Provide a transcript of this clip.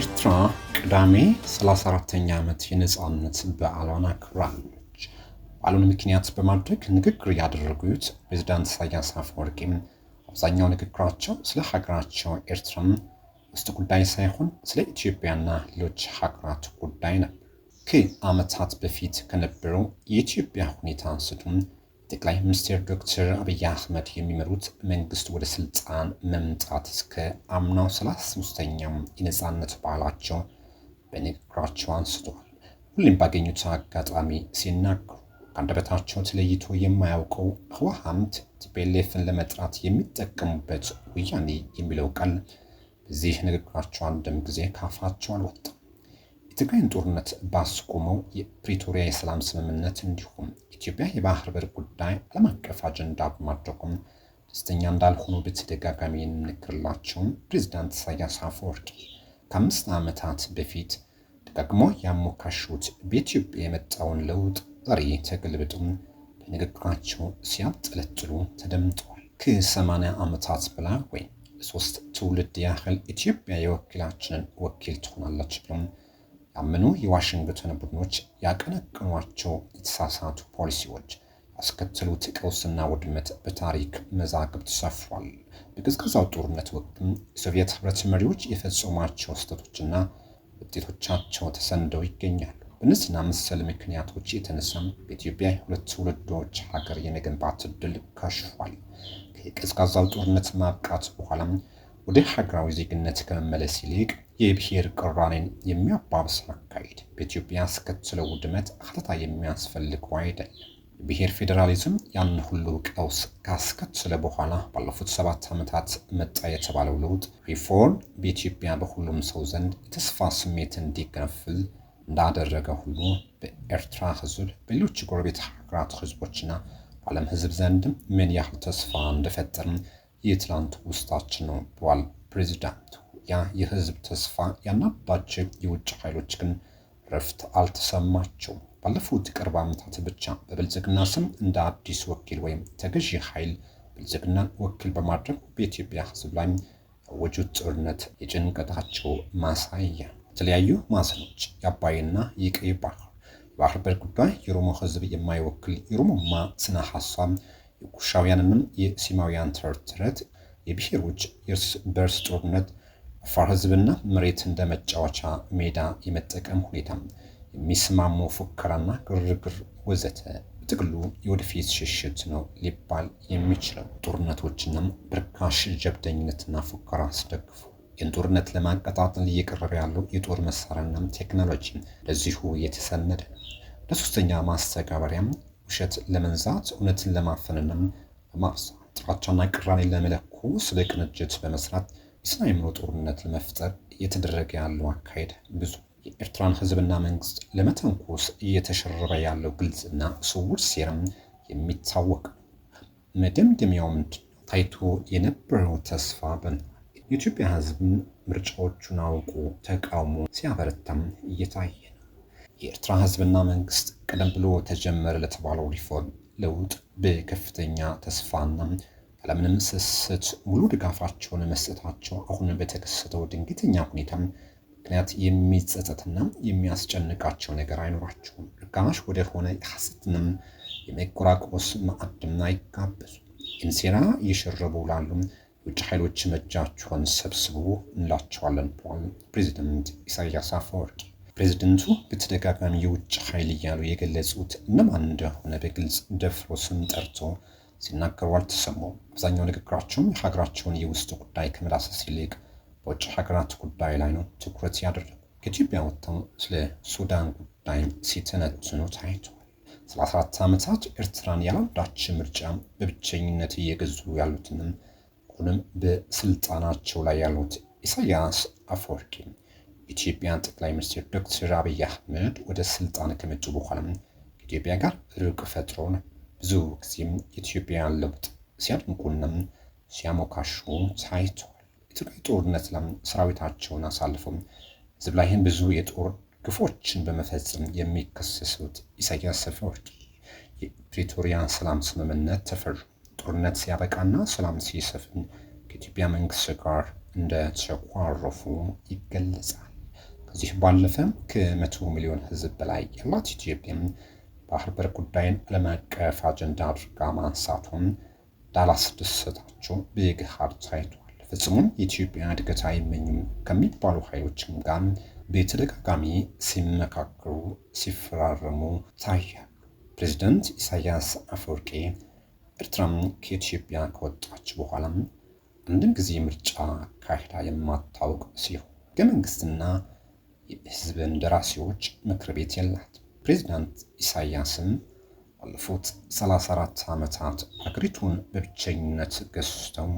ኤርትራ ቅዳሜ 34ኛ ዓመት የነፃነት በዓሏን አክብራለች። በዓሉን ምክንያት በማድረግ ንግግር ያደረጉት ፕሬዚዳንት ኢሳያስ አፈወርቂም አብዛኛው ንግግራቸው ስለ ሀገራቸው ኤርትራም ውስጥ ጉዳይ ሳይሆን ስለ ኢትዮጵያና ሌሎች ሀገራት ጉዳይ ነበር። ከዓመታት በፊት ከነበረው የኢትዮጵያ ሁኔታ አንስቶም ጠቅላይ ሚኒስትር ዶክተር አብይ አህመድ የሚመሩት መንግስት ወደ ስልጣን መምጣት እስከ አምናው 33ኛም የነፃነት በዓላቸው በንግግራቸው አንስተዋል። ሁሌም ባገኙት አጋጣሚ ሲናገሩ ከአንደበታቸው ተለይቶ የማያውቀው ህወሓት ቲፒኤልኤፍን ለመጥራት የሚጠቀሙበት ወያኔ የሚለው ቃል በዚህ ንግግራቸው አንድም ጊዜ ካፋቸው አልወጣም። የትግራይን ጦርነት ባስቆመው የፕሪቶሪያ የሰላም ስምምነት እንዲሁም ኢትዮጵያ የባህር በር ጉዳይ ዓለም አቀፍ አጀንዳ በማድረጉም ደስተኛ እንዳልሆኑ በተደጋጋሚ የምንክርላቸውን ፕሬዚዳንት ኢሳያስ አፈወርቂ ከአምስት ዓመታት በፊት ደጋግሞ ያሞካሹት በኢትዮጵያ የመጣውን ለውጥ ዛሬ ተገልብጡም በንግግራቸው ሲያጠለጥሉ ተደምጠዋል። ከሰማንያ ዓመታት በላይ ወይም ሶስት ትውልድ ያህል ኢትዮጵያ የወኪላችንን ወኪል ትሆናለች ብሎም ያመኑ የዋሽንግተን ቡድኖች ያቀነቀኗቸው የተሳሳቱ ፖሊሲዎች ያስከተሉት ቀውስና ውድመት በታሪክ መዛግብት ሰፍሯል። በቀዝቃዛው ጦርነት ወቅትም የሶቪየት ህብረት መሪዎች የፈጸሟቸው ስህተቶችና ውጤቶቻቸው ተሰንደው ይገኛሉ። በእነዚህና መሰል ምክንያቶች የተነሳም በኢትዮጵያ የሁለት ትውልዶች ሀገር የመገንባት እድል ከሽፏል። ከቀዝቃዛው ጦርነት ማብቃት በኋላም ወደ ሀገራዊ ዜግነት ከመመለስ ይልቅ የብሔር ቅራኔን የሚያባብስ አካሄድ በኢትዮጵያ ያስከትለው ውድመት ሀተታ የሚያስፈልገው አይደለም። የብሔር ፌዴራሊዝም ያን ሁሉ ቀውስ ካስከትለ በኋላ ባለፉት ሰባት ዓመታት መጣ የተባለው ለውጥ ሪፎርም በኢትዮጵያ በሁሉም ሰው ዘንድ የተስፋ ስሜት እንዲገነፍል እንዳደረገ ሁሉ በኤርትራ ህዝብ በሌሎች ጎረቤት ሀገራት ህዝቦችና በዓለም ህዝብ ዘንድም ምን ያህል ተስፋ እንደፈጠርም የትላንት ውስጣችን ነው ብዋል ፕሬዚዳንቱ። ያ የህዝብ ተስፋ ያናባቸው የውጭ ኃይሎች ግን ረፍት አልተሰማቸውም። ባለፉት ቅርብ ዓመታት ብቻ በብልጽግና ስም እንደ አዲስ ወኪል ወይም ተገዢ ኃይል ብልጽግናን ወኪል በማድረግ በኢትዮጵያ ህዝብ ላይ ያወጁት ጦርነት የጭንቀታቸው ማሳያ። የተለያዩ ማሰኖች የአባይና የቀይ ባህር የባህር በር ጉዳይ የኦሮሞ ህዝብ የማይወክል የኦሮሞማ ስነ ሀሳብ የኩሻውያንንም የሲማውያን ተርትረት፣ የብሔሮች የእርስ በርስ ጦርነት፣ አፋር ህዝብና መሬት እንደ መጫወቻ ሜዳ የመጠቀም ሁኔታ፣ የሚስማሙ ፉከራና ግርግር ወዘተ በጥቅሉ የወደፊት ሽሽት ነው ሊባል የሚችለው። ጦርነቶችንም ብርካሽ ጀብደኝነትና ፉከራ አስደግፉ ይህን ጦርነት ለማቀጣጠል እየቀረበ ያለው የጦር መሳሪያና ቴክኖሎጂ ለዚሁ የተሰነደ ለሶስተኛ ማስተጋበሪያም ውሸት ለመንዛት እውነትን ለማፈንንም በማብዛት ጥራቻና ቅራኔን ስለ ቅንጅት በመስራት የስነ አእምሮ ጦርነት ለመፍጠር እየተደረገ ያለው አካሄድ ብዙ የኤርትራን ህዝብና መንግስት ለመተንኮስ እየተሸረበ ያለው ግልጽና ስውር ሴራም የሚታወቅ መደምደሚያውም ታይቶ የነበረው ተስፋ በና የኢትዮጵያ ህዝብ ምርጫዎቹን አውቆ ተቃውሞ ሲያበረታም እየታየ የኤርትራ ህዝብና መንግስት ቀደም ብሎ ተጀመረ ለተባለው ሪፎርም ለውጥ በከፍተኛ ተስፋና ያለምንም ስስት ሙሉ ድጋፋቸውን መስጠታቸው አሁን በተከሰተው ድንገተኛ ሁኔታ ምክንያት የሚጸጸትና የሚያስጨንቃቸው ነገር አይኖራቸውም። ርካሽ ወደ ሆነ የሐሰትንም የመቆራቆስ ማዕድም አይጋበዙ። ይህን ሴራ እየሸረቡ ላሉ የውጭ ኃይሎች መጃቸውን ሰብስቡ እንላቸዋለን ብለዋል ፕሬዚደንት ኢሳያስ አፈወርቂ። ፕሬዝደንቱ በተደጋጋሚ የውጭ ኃይል እያሉ የገለጹት እነማን እንደሆነ በግልጽ ደፍሮ ስም ጠርቶ ሲናገሩ አልተሰሙም። አብዛኛው ንግግራቸውም የሀገራቸውን የውስጥ ጉዳይ ከመዳሰስ ይልቅ በውጭ ሀገራት ጉዳይ ላይ ነው ትኩረት ያደረጉ። ከኢትዮጵያ ወጥተው ስለ ሱዳን ጉዳይ ሲተነትኑ ታይቷል። ስለ 14 ዓመታት ኤርትራን ያለአንዳች ምርጫ በብቸኝነት እየገዙ ያሉትንም አሁንም በስልጣናቸው ላይ ያሉት ኢሳያስ አፈወርቂ ኢትዮጵያን ጠቅላይ ሚኒስትር ዶክተር አብይ አህመድ ወደ ስልጣን ከመጡ በኋላ ከኢትዮጵያ ጋር ርቅ ፈጥሮን ብዙ ጊዜም የኢትዮጵያን ለውጥ ሲያድንቁና ሲያሞካሹ ታይተዋል። የትግራይ ጦርነት ላም ሰራዊታቸውን አሳልፈው ህዝብ ላይ ብዙ የጦር ግፎችን በመፈጸም የሚከሰሱት ኢሳያስ አፈወርቂ የፕሪቶሪያ ሰላም ስምምነት ተፈሩ። ጦርነት ሲያበቃና ሰላም ሲሰፍን ከኢትዮጵያ መንግስት ጋር እንደተኳረፉ ይገለጻል። ከዚህ ከ ከመቶ ሚሊዮን ሕዝብ በላይ ያላት ኢትዮጵያ ባህር በር ጉዳይን ዓለም አቀፍ አጀንዳ አድርጋ ማንሳቱን እንዳላስደሰታቸው በገሃድ ታይቷል። ፍጹሙን የኢትዮጵያ እድገት አይመኙም ከሚባሉ ኃይሎችም ጋር በተደጋጋሚ ሲመካከሩ፣ ሲፈራረሙ ታያሉ። ፕሬዚደንት ኢሳያስ አፈወርቄ ኤርትራም ከኢትዮጵያ ከወጣች በኋላም አንድም ጊዜ ምርጫ ካሂዳ የማታውቅ ሲሆን ህገ መንግስትና የህዝብ እንደራሴዎች ምክር ቤት የላት ፕሬዚዳንት ኢሳያስም ባለፉት 34 ዓመታት አገሪቱን በብቸኝነት ገዝተው